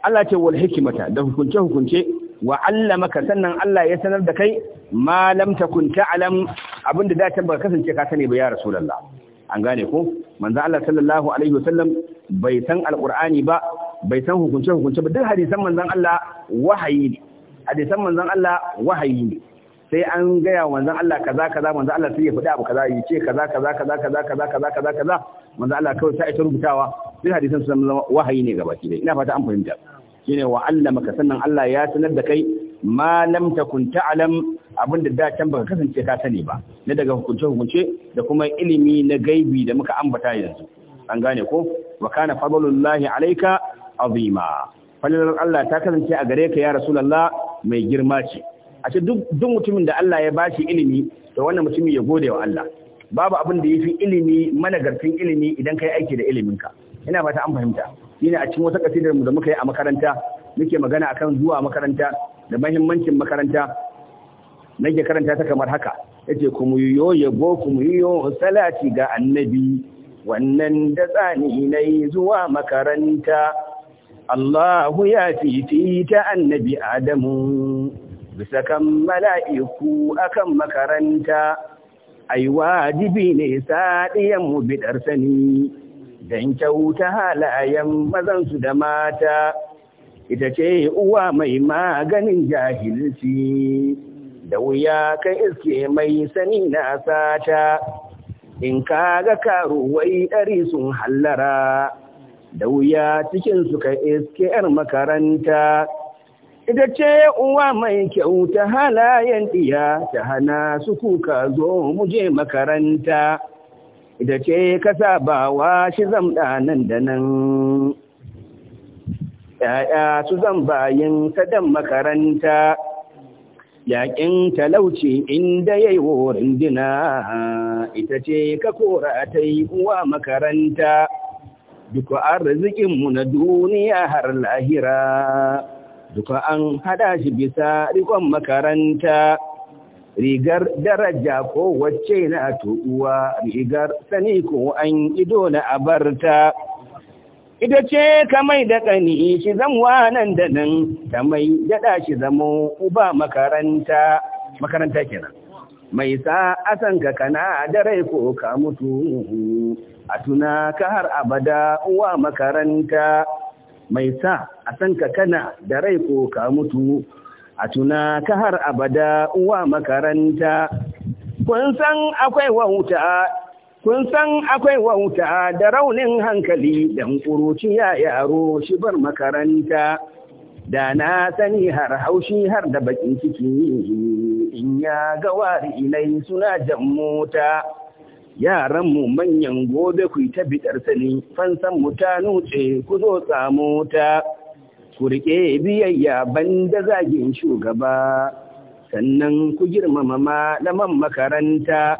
Allah ce wal hikimata da hukunce hukunce wa allamaka sannan Allah ya sanar da kai ma lam takun ta'lam abinda da ta baka kasance ka sani ba ya rasulullah an gane ko manzo Allah sallallahu alaihi wasallam bai san alqur'ani ba bai san hukunce hukunce ba duk hadisan manzon Allah wahayi hadisan manzon Allah wahayi ne sai an gaya manzon Allah kaza kaza manzon Allah sai ya fada abu kaza ya ce kaza kaza kaza kaza kaza kaza kaza kaza manzon Allah kawai sai ta rubutawa Sai hadisan sun zama wahayi ne gabaki ki ina fata an fahimta shine wa allama maka sannan Allah ya sanar da kai ma lam takun ta'lam abinda da can baka kasance ka sani ba na daga hukunce hukunce da kuma ilimi na gaibi da muka ambata yanzu an gane ko wa kana fadlullahi alayka azima falalar Allah ta kasance a gare ka ya rasulullah mai girma ce a duk duk mutumin da Allah ya bashi ilimi to wannan mutumi ya gode wa Allah babu abin da ya yafi ilimi managarfin ilimi idan ka yi aiki da iliminka ina fata an fahimta shine a cikin wata kasidar mu da muka yi a makaranta muke magana akan zuwa makaranta da mahimmancin makaranta nake karanta ta kamar haka yace kuma yiyo yabo kuma yoyo salati ga annabi wannan da tsani nayi zuwa makaranta Allahu ya ta annabi Adamu bisa kammala mala'iku akan makaranta, ai wajibi ne mu biɗar sani don kyauta halayen mazansu da mata, ita ce uwa mai maganin jahilci, da wuya ka iske mai sani na sata, in kaga karuwai ɗari sun hallara. da wuya su kai iske ‘yar makaranta, ita ce uwa mai kyau ta halayen ɗiya ta hana su kuka zo muje makaranta, ita ce ka sabawa shi zamɗa nan da nan. ‘Ya'ya su zan zambayin sadan makaranta, yaƙin talauci inda ya yi wurin dina, ita ce ka kora ta yi uwa makaranta. duka arzikinmu na duniya har lahira duka an hada shi bisa rikon makaranta rigar daraja ko wacce na tuwa rigar sani ko an ido na abarta Ido ce ka mai da ƙani shi zamuwa nan da nan mai daɗa shi zamo uba makaranta makaranta kenan mai sa asan ka kana da rai ko ka mutu a tuna ka har abada uwa makaranta mai sa a san ka kana da rai ko ka mutu a tuna ka har abada uwa makaranta kun san akwai wauta kun san akwai wauta da raunin hankali dan ƙuruciya yaro shi bar makaranta da na sani har haushi har da bakin ciki in ya gawari ilai suna jan mota yaran mu manyan gobe ku ta bitar sani fansan mu ta nuce ku zo tsamo ta ku rike biyayya banda zagin shugaba sannan ku girmama malaman makaranta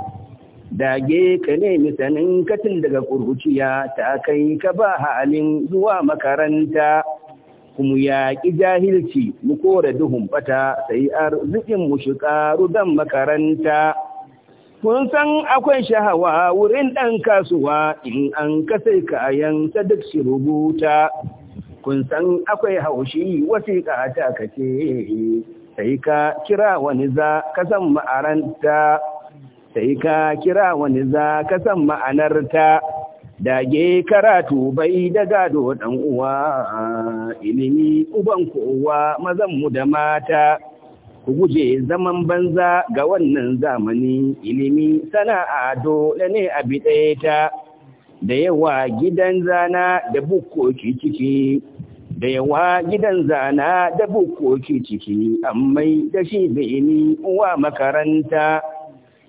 dage ka nemi sanin katin daga kurkuciya ta kai ka ba halin zuwa makaranta kuma yaƙi jahilci mu kore duhun bata sai arzikin mu shi ƙaru dan makaranta kun san akwai shahawa wurin ɗan kasuwa in an kasai kayan duk shi rubuta kun san akwai haushi wasiƙa ta kace sai ka kira wani za ka san ma'aranta sai ka kira wani za ka san ma'anarta dage karatu bai da gado ɗan uwa ilimi uban kowa mazan mu da mata ku guje zaman banza ga wannan zamani ilimi sana'a dole ne a biɗayata. ta da yawa gidan zana da bukoki ciki da yawa gidan zana da bukkoki ciki amma da shi ni uwa makaranta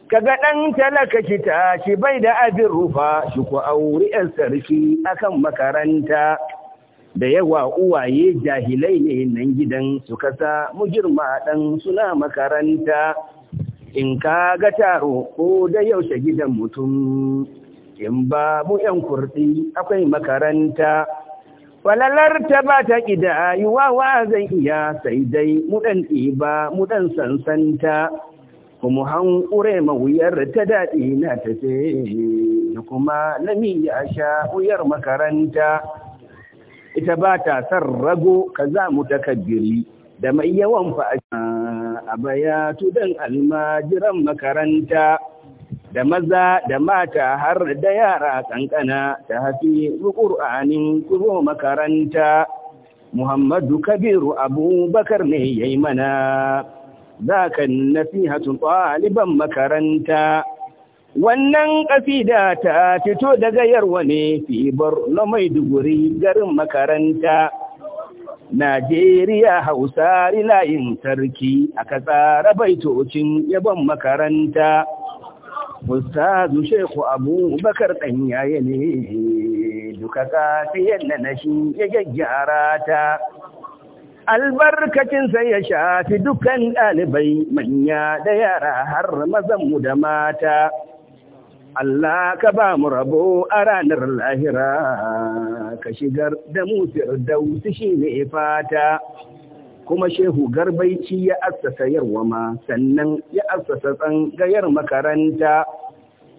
kaga ɗan talaka ki shi bai da abin rufa shi ku auri 'yan sarki akan makaranta da yawa uwaye jahilai ne nan gidan su kasa mu girma dan suna makaranta in ka ga taro ko da yaushe gidan mutum in ba mu yan kurdi akwai makaranta falalar ta ba ta ƙida yi wawa zan iya sai dai mu dan ɗiba mu dan sansanta kuma hankure mawuyar ta daɗi na tafe da kuma lami ya sha wuyar makaranta ita ba ta san rago ka za mu kabiri da mai yawan A bayatu tudan almajiran makaranta da maza da mata har da yara kankana ta hafi ƙur'anin kuro makaranta muhammadu kabiru abubakar ne ya yi mana za ka nasihatun ɗaliban makaranta wannan ƙasida ta fito daga yarwa ne fibar na maiduguri garin makaranta Najeriya Hausa rilayin sarki a aka tsara baitocin yabon makaranta. Ustazu Sheku Abubakar ɗan yaya ne duka yadda na nashi ya gyaggyara ta. Albarkacinsa ya shafi dukkan ɗalibai manya da yara har mazanmu da mata. Allah ka ba mu rabo a ranar lahira ka shigar da mu dausi shi ne fata kuma shehu garbaici ya assasa ma sannan ya assasa tsangayar makaranta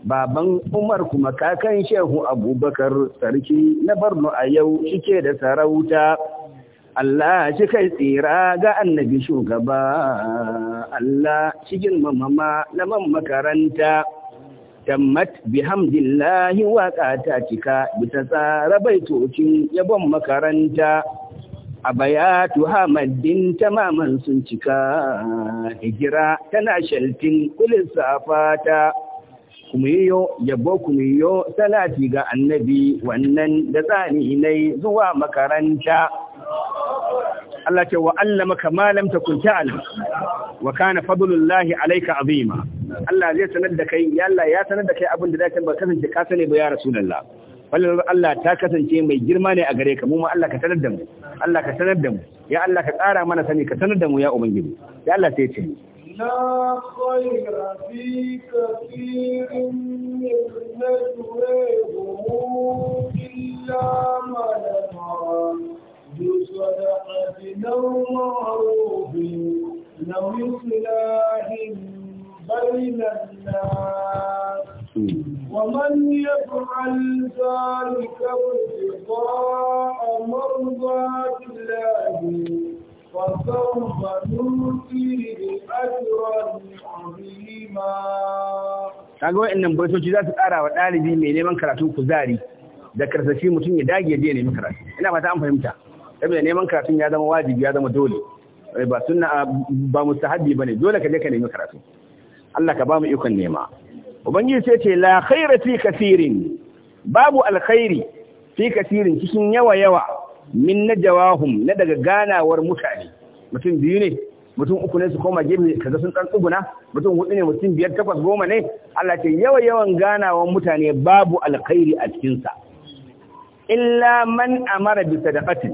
baban umar kuma kakan shehu abubakar sarki na barno a yau shike da sarauta Allah shi kai tsira ga annabi shugaba Allah shi girmama malaman makaranta tammat bihamdillahi waƙa ta cika bisa tsara baitocin yabon makaranta a bayatu hamaddin tamaman sun cika hijira tana shaltin kulin safata kumiyo yabo kumiyo salati ga annabi wannan da tsani nai zuwa makaranta Allah ce wa allama kama lam takun wa kana fadlullahi alayka azima Allah zai sanar da kai ya Allah ya sanar da kai abin da zaka ba kasance ka sani ba ya rasulullah wallan Allah ta kasance mai girma ne a gare ka mu ma Allah ka sanar da mu Allah ka sanar da mu ya Allah ka tsara mana sani ka sanar da mu ya ubangiji ya Allah sai ya ce لا خير في كثير من نجويهم إلا من أمر بصدقة أو معروف أو إصلاح بين الناس ومن يفعل ذلك ابتغاء مرضات الله فسوف نؤتيه أجرا عظيما kaga wa'annan baitoci za su ƙara wa ɗalibi mai neman karatun kuzari da karsashi mutum ya dage je neman karatu ina fata an fahimta saboda neman karatun ya zama wajibi ya zama dole eh, ba sunna ba mustahabbi bane dole ka je ka nemi karatu Allah ka ba mu ikon nema ubangiji sai ce la khaira fi kasirin babu alkhairi fi kasirin cikin yawa yawa min najawahum na daga ganawar mutane mutum biyu ne mutum uku ne su koma gefe kaza sun dan tsuguna mutum hudu ne mutum biyar takwas goma ne Allah ce yawa yawan ganawar mutane babu alkhairi a cikin sa illa man amara bi sadaqati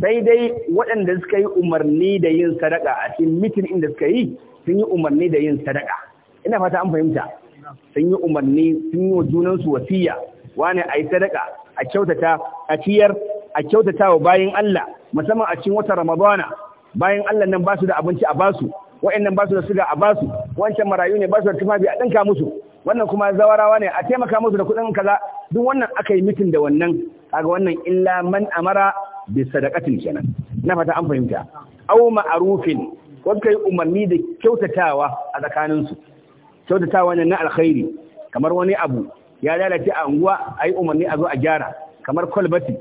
sai dai waɗanda suka yi umarni da yin sadaka a cikin mitin inda suka yi sun yi umarni da yin sadaka ina fata an fahimta sun yi umarni sun yi wa junansu wasiya wani a yi sadaka a kyautata a ciyar a kyautata wa bayan Allah musamman a cikin watan Ramadana bayan Allah nan ba su da abinci a basu wa'annan ba su da suga a basu wancan marayu ne ba su da tufafi a ɗinka musu wannan kuma zawarawa ne a taimaka musu da kuɗin kaza duk wannan aka yi mitin da wannan kaga wannan illa man amara bi sadaqatin kenan na fata an fahimta aw ma'rufin ko kai umarni da kyautatawa a tsakaninsu kyautata wani na alkhairi kamar wani abu ya lalace a unguwa a yi umarni a zo a gyara kamar kwalbati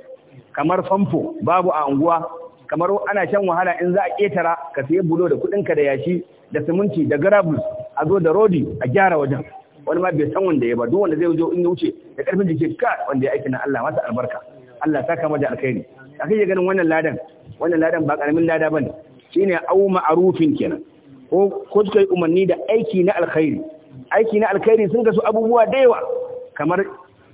kamar famfo babu a unguwa kamar ana shan wahala in za a ƙetara ka sayi bulo da kuɗinka da yashi da siminti da garabus a zo da rodi a gyara wajen wani ma bai san wanda ya ba duk wanda zai zo in ya wuce da karfin jiki ka wanda ya aiki na Allah masa albarka Allah saka mata alkhairi a kai ganin wannan ladan wannan ladan ba karamin lada bane shine au ma'rufin kenan ko suka yi umarni da aiki na alkhairi aiki na alkhairi sun kasu abubuwa da yawa kamar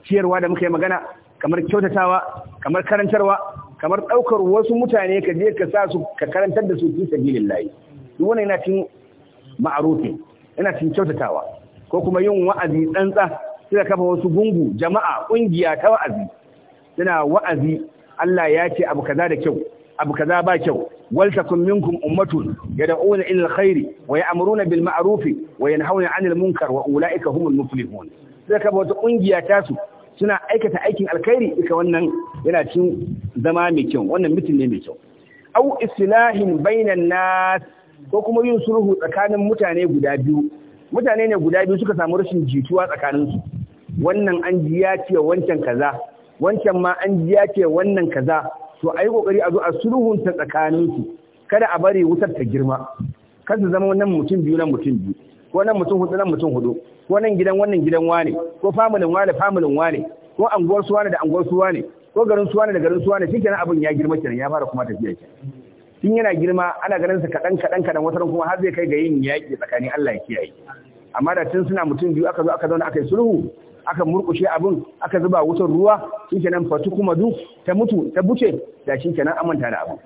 ciyarwa da muka yi magana kamar kyautatawa kamar karantarwa kamar ɗaukar wasu mutane ka je ka sa su ka karantar da su fi sabilin layi duk wannan yana cin ma'arufi. yana cin kyautatawa ko kuma yin wa'azi tsantsa suka kafa wasu gungu jama'a ƙungiya ta wa'azi suna wa'azi Allah ya ce abu kaza da kyau abu kaza ba kyau wal takum minkum ummatun yad'una ila alkhairi wa ya'muruna bil ma'ruf wa yanhauna 'anil munkar wa ulaika humul muflihun sai ka wata kungiya ta su suna aikata aikin alkhairi ita wannan yana cin zama mai kyau wannan mutum ne mai kyau au islahin bainan nas ko kuma yin sulhu tsakanin mutane guda biyu mutane ne guda biyu suka samu rashin jituwa tsakanin su wannan an jiya ce wancan kaza wancan ma an jiya ce wannan kaza to a yi kokari a zo a sulhunta tsakaninsu kada a bari wutar ta girma kar su zama wannan mutum biyu nan mutum biyu ko nan mutum hudu nan mutum hudu ko nan gidan wannan gidan wane ko familin wane familin wane ko anguwar su wane da anguwar su wane ko garin su wane da garin su wane shi kenan abin ya girma kenan ya fara kuma tafiya kenan tun yana girma ana ganin sa kadan kadan kadan wata kuma har zai kai ga yin yaki tsakanin Allah ya kiyaye amma da tun suna mutum biyu aka zo aka zauna aka yi sulhu aka murkushe abin aka zuba wutar ruwa shi kenan fatu kuma du ta mutu ta buce da shi kenan amanta da abu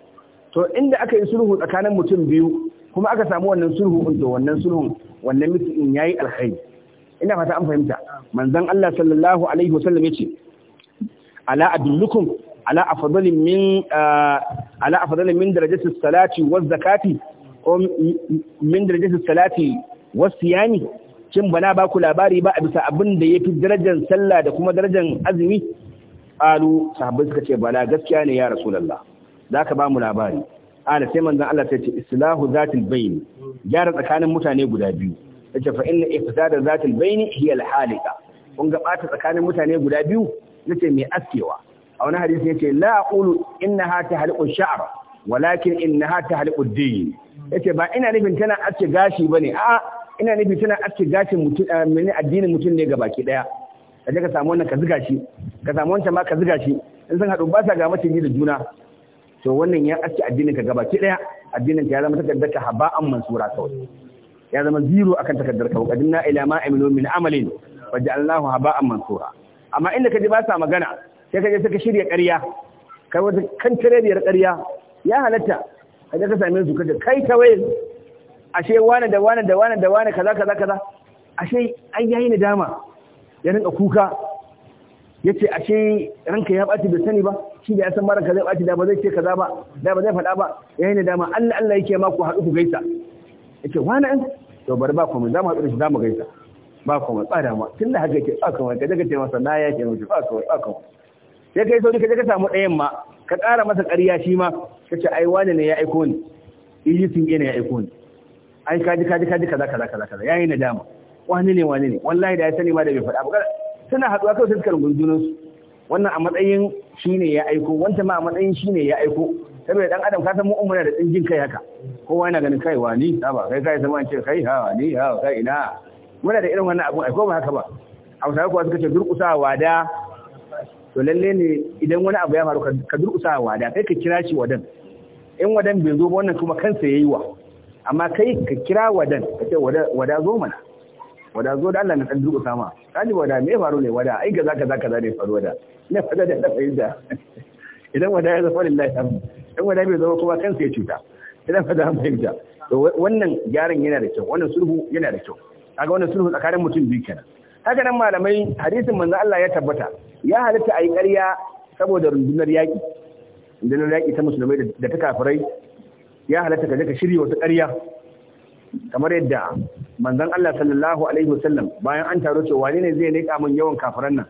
to inda aka yi sulhu tsakanin mutum biyu kuma aka samu wannan sulhu to wannan sulhu wannan mutum yayi alkhairi ina fata an fahimta manzon Allah sallallahu alaihi wasallam yace ala adullukum ala afdalin min ah, ala afdalin min darajati salati waz zakati min darajati salati was siyami shin bana ba ku labari ba a bisa abin da ya fi darajar sallah da kuma darajar azumi alu sahabbai suka ce bala gaskiya ne ya rasulullah za ka ba mu labari ala sai manzon Allah sai ce islahu zatil bayn gyara tsakanin mutane guda biyu yace fa inna ifsada zatil bayn hiya alhalika halika kun ga bata tsakanin mutane guda biyu yace mai askewa a wani hadisi yace la aqulu innaha tahliqu sha'r walakin innaha tahliqu ad-din yace ba ina nufin tana aske gashi bane a ina nufi tana aske gashin mutum eh, mene addinin mutum ne gabaki daya kaje ka samu wannan ka ziga shi ka samu wancan ma ka ziga shi in san haɗu ba sa ga mace da juna to wannan ya aske addinin ka gabaki daya addinin ka ya zama takardar ka haba'an mansura kawai ya zama zero akan takardar ka na ila ma amilu min amalin waja'alnahu haba'an mansura amma inda kaje ba sa magana sai kaje sai ka shirya ƙarya kai wata kantarebiyar ƙarya ya halatta kaje ka same su kaje kai kawai ashe wane da wane da wane da wane kaza kaza kaza ashe an yayi nadama ya rinka kuka yace ashe ranka ya ɓaci bai sani ba shi da ya san maranka zai ɓaci da ba zai ce kaza ba da ba zai faɗa ba yayi yi nadama Allah Allah yake ma ku haɗu ku gaisa yace wane wani an to bari ba kuma za mu haɗu da shi zamu gaisa ba ku ba tsada tun tunda haka yake ba kuma ka daga taimasa na ya ke mu ba kuma ba kuma sai kai sauri ka je ka samu ɗayan ma ka ƙara masa ƙarya shi ma kace ai wane ne ya aiko ni ijisin gina ya aiko ni ai kaji kaji kaji kaza kaza kaza kaza yayi nadama wani ne wani ne wallahi da ya sani ma da bai faɗa ba suna haɗuwa kawai sai suka rungunan su wannan a matsayin shine ya aiko wanda ma a matsayin shine ya aiko saboda dan adam ka san mu umma da jin kai haka kowa yana ganin kai wani saba kai kai zaman ce kai ha ni ha kai ina muna da irin wannan abun aiko ba haka ba hausawa kuwa suka ce durƙusa wada to lalle ne idan wani abu ya faru ka durƙusa wada kai ka kira shi wadan in wadan bai zo ba wannan kuma kansa yayi wa amma kai ka kira wadan ka ce wada zo mana wada zo da Allah na dan sama kaji wada me faru ne wada ai ga zaka zaka zane faru wada ina fada da yadda idan wada ya zafa lillahi am idan wada bai zama kuma kansa ya cuta idan fada an fahimta to wannan gyaran yana da kyau wannan sulhu yana da kyau kaga wannan sulhu tsakanin mutum biyu kenan haka nan malamai hadisin manzo Allah ya tabbata ya halitta ayi ƙarya saboda rundunar yaƙi rundunar yaƙi ta musulmai da ta kafirai ya halatta ka ka shirya wata ƙarya kamar yadda manzon Allah sallallahu alaihi wasallam bayan an taro cewa wane ne zai leƙa min yawan kafiran nan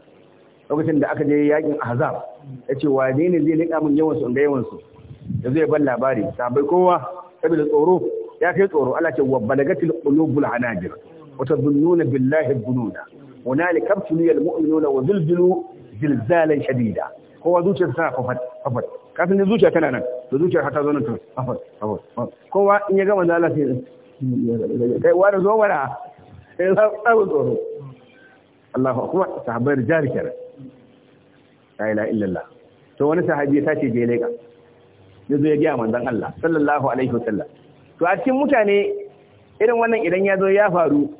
lokacin da aka je yakin ahzab yace wane ne zai leƙa min yawan su ga yawansu? su da zai ban labari sabai kowa saboda tsoro ya kai tsoro Allah ce wa balagatil qulubul hanajir wa tazunnuna billahi bununa hunalika abtuliyal mu'minuna wa zilzilu zilzalan shadida kowa zuciyarsa tana fafat fafat Kafin da zuciya tana nan da zuciyar hata zo nan to afa afa kowa in ya gama zala sai kai wani zo mana sai za ku tsoro Allahu akbar sahabbai rijal kenan la ilaha illallah to wani sahabi ya tace je leka ya zo ya ga manzon Allah sallallahu alaihi wasallam to a cikin mutane irin wannan idan ya zo ya faru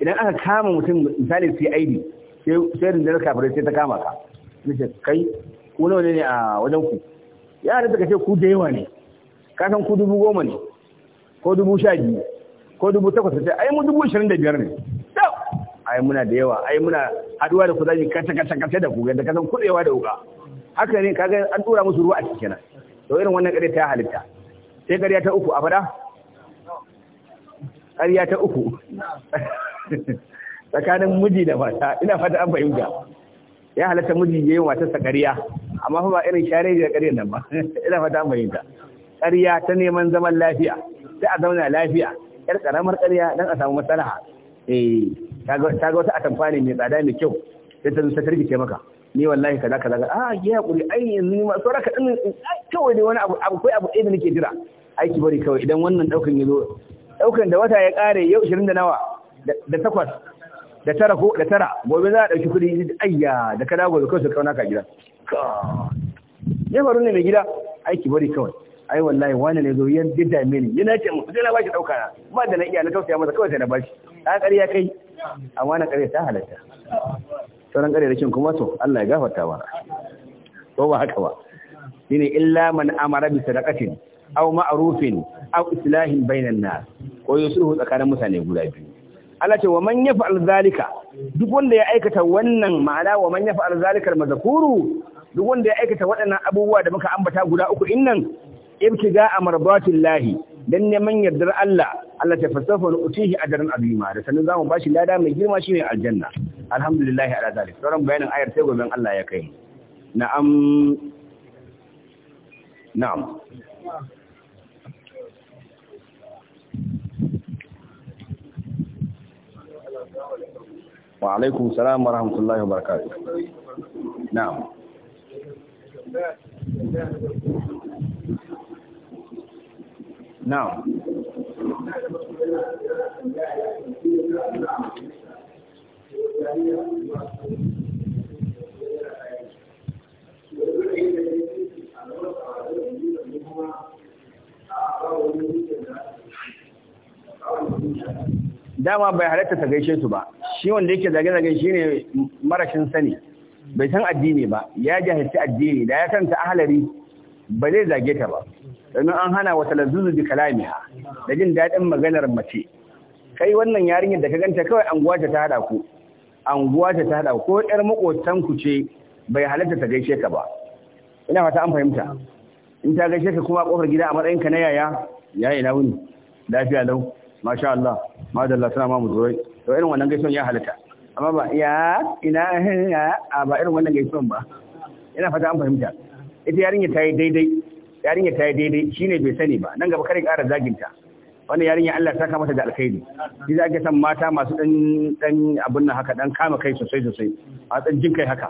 idan aka kama mutum misali CID sai sai rundunar kafirai sai ta kama ka nace kai wani ne a wajen ku yaran suka ce ku da yawa ne ka san ku dubu goma ne ko dubu sha biyu ko dubu takwas ce ai mu dubu ashirin da biyar ne ai muna da yawa ai muna haduwa da ku zamu kace kace kace da ku da kasan kudewa da wuka haka ne kaga an dora musu ruwa a cikin nan to irin wannan kare ta halitta sai kariya ta uku a fada kariya ta uku tsakanin miji da mata ina fata an fahimta ya halatta miji ya yi wata sa ƙarya amma fa ba irin share da ƙarya nan ba ina fata mai ta ƙarya ta neman zaman lafiya sai a zauna lafiya yar karamar ƙarya dan a samu maslaha eh ta ga wata atamfa ne mai tsada mai kyau sai ta zuta ce maka ni wallahi kaza kaza a ah, ya hakuri ai yanzu ma saura ka din kawai ne wani abu akwai abu ɗaya da nake jira aiki bari kawai idan wannan daukan ya zo daukan da wata ya kare yau 20 da nawa da takwas da tara ko da tara gobe za a ɗauki kuɗi ayya da kada gobe kawai su kauna ka gida ya faru ne mai gida aiki bari kawai ai wallahi wani ne zo yan dida mini yana ce mu sai na bashi dauka na ba da na iya na tausaya masa kawai sai na bashi ta ƙarya kai amma na ƙarya ta halatta sauran ƙarya da kuma to Allah ya gafarta ba ko ba haka ba shine illa man amara bi sadaqatin aw ma'rufin aw islahin bainan nas ko yusuhu tsakanin mutane guda biyu Allah ce wa man yaf'al zalika duk wanda ya aikata wannan ma'ana wa man yaf'al zalika mazkuru duk wanda ya aikata waɗannan abubuwa da muka ambata guda uku innan ibtiga amradatillahi dan neman yardar Allah Allah ta fasafa na utihi ajran azima da sanin zamu bashi lada mai girma shine aljanna alhamdulillah ala zalik sauran bayanin ayar sai goben Allah ya kai na'am na'am wa alaikum salam wa rahmatullahi wa barakatuh na'am na'am Thank you. dama bai halatta ta gaishe su ba shi wanda yake zage-zage shi ne marashin sani bai san addini ba ya jahilci addini da ya kanta ahalari ba zai zage ta ba domin an hana wata lazuzu bi kalamiha da jin daɗin maganar mace kai wannan yarinyar da ka ganta kawai anguwa ta hada ku anguwa ta hada ko yar makotan ku ce bai halatta ta gaishe ka ba ina fata an fahimta in ta gaishe ka kuma kofar gida a matsayin ka na yaya yaya na wuni lafiya lau masha Allah suna tana ma muzurai to irin wannan gaishon ya halitta amma ba ya ina ya a ba irin wannan gaishon ba ina fata an fahimta ita yarinya ta yi daidai yarinya ta yi daidai shine bai sani ba nan gaba kare ƙara zaginta wannan yarinya Allah ta kama ta da alkhairi shi za ake san mata masu dan dan abun nan haka dan kama kai sosai sosai a dan jin kai haka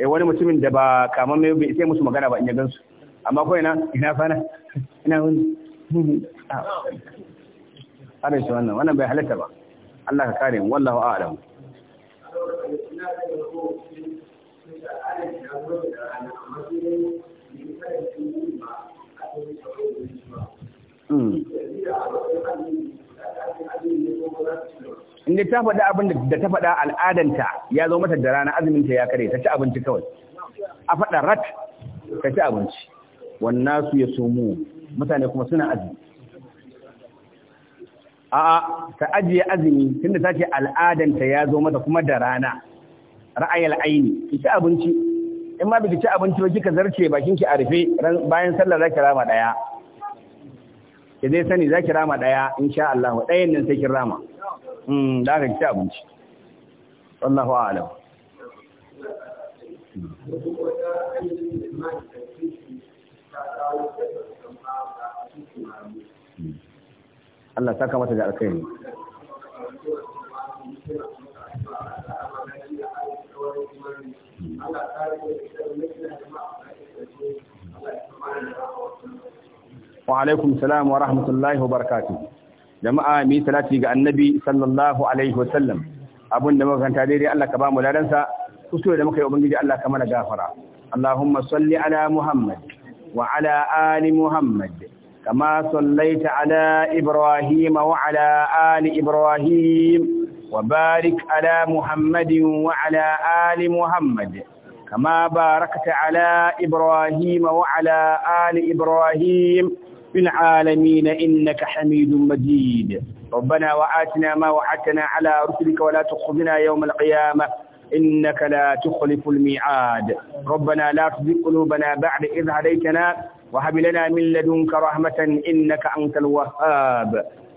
eh wani mutumin da ba kama mai bai sai musu magana ba in ya gansu amma ko ina ina fana ina wani ana shi wannan wannan bai halitta ba Allah ka kare wallahu a'lam hmm. Inda ta faɗa abin da ta faɗa al'adanta ya zo mata da rana ta ya kare ta ci abinci kawai. A faɗa rat ta ci abinci. Wannan su ya somo mutane kuma suna azumi. a'a ta ajiye azumi tunda ta ce al'adanta ya zo mata kuma da rana ra'ayal aini ki ci abinci in ma biki ci abinci ba kika zarce bakin ki a rufe bayan sallar zaki rama daya ki zai sani zaki rama daya insha Allah dayan nan sai kin rama mm da ka ci abinci wallahu a'lam hmm Allah saka mata da alkhairi wa alaikum salam wa rahmatullahi wa barakatuh jama'a mi salati ga annabi sallallahu alaihi wa sallam abun da muka kanta daidai Allah ka ba mu ladansa kuskure da muka yi ubangiji Allah ka mana gafara Allahumma salli ala Muhammad wa ala ali Muhammad كما صليت على إبراهيم وعلى آل إبراهيم وبارك على محمد وعلى آل محمد كما باركت على إبراهيم وعلى آل إبراهيم في العالمين إنك حميد مجيد ربنا وآتنا ما وعدتنا على رسلك ولا تخذنا يوم القيامة إنك لا تخلف الميعاد ربنا لا تزغ قلوبنا بعد إذ هديتنا وهب لنا من لدنك رحمة إنك أنت الوهاب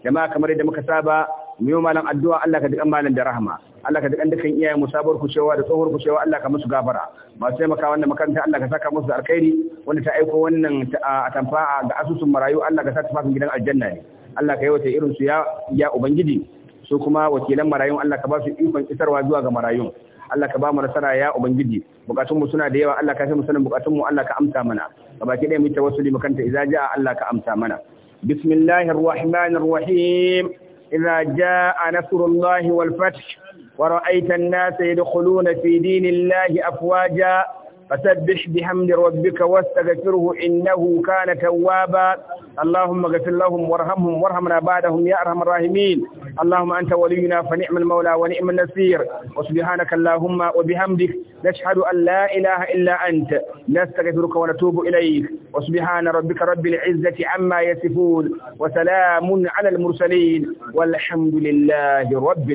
جماعة كما رد مكسابة ميوما لن أدوى الله كدك أمالا درهما الله كدك أندك إياه مسابر كشوى تصور كشوى الله كمس غابرا ما سيمك وانا مكان الله كساك مس الكيري وانا تأيكو وانا أتنفاع أسوس مرايو الله كساك فاك جدن الجنة Allah ka yawaita irin su ya ya ubangiji su kuma wakilan marayun Allah ka ba su ikon isarwa zuwa ga marayun Allah ka ba mu nasara ya ubangiji bukatun mu suna da yawa Allah ka san mu sanin bukatun mu Allah ka amsa mana gabaki ɗaya mu ta wasu kanta idza jaa Allah ka amsa mana bismillahir rahmanir rahim idza jaa nasrullahi wal fath ورأيت الناس يدخلون في دين الله فسبح بحمد ربك واستغفره إنه كان توابا اللهم اغفر لهم وارحمهم وارحمنا بعدهم يا أرحم الراحمين اللهم أنت ولينا فنعم المولى ونعم النصير وسبحانك اللهم وبحمدك نشهد أن لا إله إلا أنت نستغفرك ونتوب إليك وسبحان ربك رب العزة عما يصفون وسلام على المرسلين والحمد لله رب